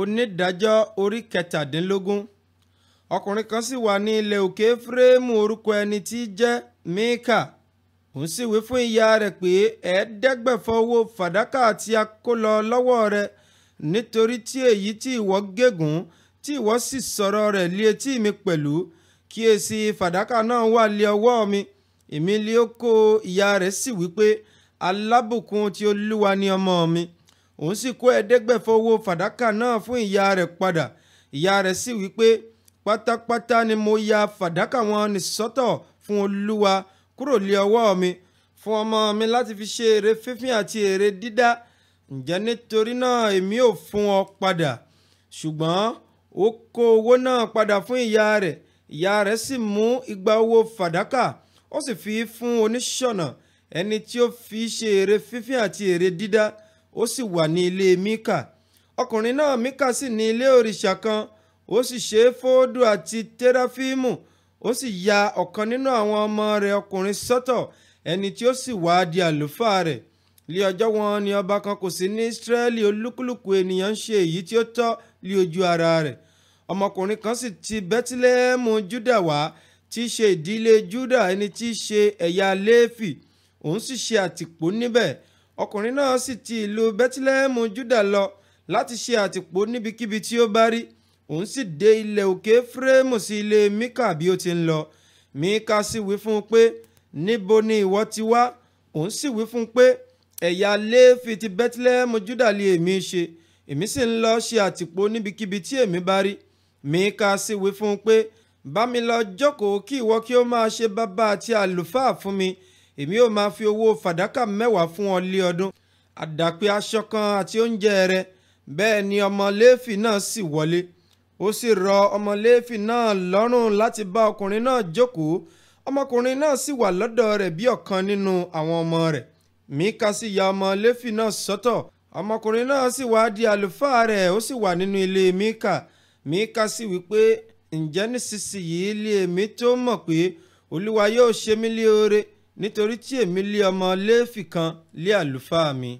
onídàájọ́ orí kẹtàdínlógún ọkùnrin kan sì wà ní ilẹ̀ òkè fúrẹ́mù orúkọ ẹni tí í jẹ́ Míkà òun sì wí fún ìyá rẹ̀ pé ẹ̀ẹ́dẹ́gbẹ̀fọ́ owó fàdákà tí a kó lọ lọ́wọ́ rẹ̀ nítorí tí èyí tí ìwọ gégùn tí ìwọ sì sọ̀rọ̀ rẹ̀ lé etí mi pẹ̀lú kíyèsí fàdákà náà wà lé ọwọ́ mi èmi lé kó ìyá rẹ̀ sì wí pé alábùkún tí olúwa ni ọmọ mi òun sì kó ẹ̀ẹ́dẹ́gbẹ̀fọ́ owó fàdákà náà fún ìyá rẹ̀ padà ìyá rẹ̀ sì wí pé pátápátá ni mo ya fàdákà wọn ní sọ́tọ̀ fún olúwa kúrò lé ọwọ́ mi fún ọmọ mi láti fi ṣe èrè fífín àti èrè dídá ǹjẹ́ nítorí náà èmi ò fún ọ padà ṣùgbọ́n ó kó owó náà padà fún ìyá rẹ̀ ìyá rẹ̀ sì mú igba owó fàdákà ó sì fi fún oníṣọ̀nà ẹni tí ó fi ṣe èrè fífín àti èrè dídá ó sì wà ní ilé mika ọkùnrin náà Míkà sì ní ilé òrìṣà kan ó sì ṣe fóódù àti tẹ́ráfíìmù ó sì ya ọ̀kan nínú àwọn ọmọ rẹ̀ ọkùnrin sọ́tọ̀ ẹni tí ó sì wá di àlùfáà rẹ̀ lé ọjọ́ wọn ni ọba kan kò sí ní Ísírẹ́lì olúkúlùkù ènìyàn ń ṣe èyí tí ó tọ́ lé ojú ara rẹ̀ ọmọkùnrin kan sì ti Bẹ́tílẹ́hẹ́mù Júdà wá tí í ṣe ìdílé Júdà ẹni tí í ṣe ẹ̀yà Léfì òun sì ṣe àtìpó níbẹ̀ ọkùnrin náà sì ti ìlú bẹ́tílẹ́hẹ́mù júdà lọ láti ṣe àtìpó níbikíbi tí ó bá rí òun sì dé ilẹ̀ òkè fúrẹ́mù sí ilé míkà bí ó ti ń lọ míkà sì wí fún un pé níbo ni ìwọ ti wá òun sì wí fún un pé ẹ̀yà léèfì ti bẹ́tílẹ́hẹ́mù júdà lè èmi ṣe èmi sì ń lọ ṣe àtìpó níbikíbi tí èmi bá rí míkà sì wí fún un pé bá mi lọ jókòó kí ìwọ kí ó máa ṣe bàbá àti àlùfáà fún mi èmi ó máa fi owó fàdákà mẹ́wàá fún ọ lé ọdún àdàpé aṣọ kan àti oúnjẹ rẹ bẹ́ẹ̀ ni ọmọ léèfì náà sì wọlé ó sì rọ ọmọ léèfì náà lọ́rùn láti bá ọkùnrin náà jókòó ọmọkùnrin náà sì wà lọ́dọ̀ rẹ̀ bí ọ̀kan nínú àwọn ọmọ rẹ̀ Míkà sì ya ọmọ léèfì náà sọ́tọ̀ ọmọkùnrin náà sì wá di àlùfáà rẹ̀ ó sì wà nínú ilé Míkà Míkà sì wípé ǹjẹ́ nísinsìnyí ilé èmi tó mọ̀ pé Olúwa yóò ṣe mí lé oore nítorí tí èmi lé ọmọ léèfì kan lé àlùfáà mi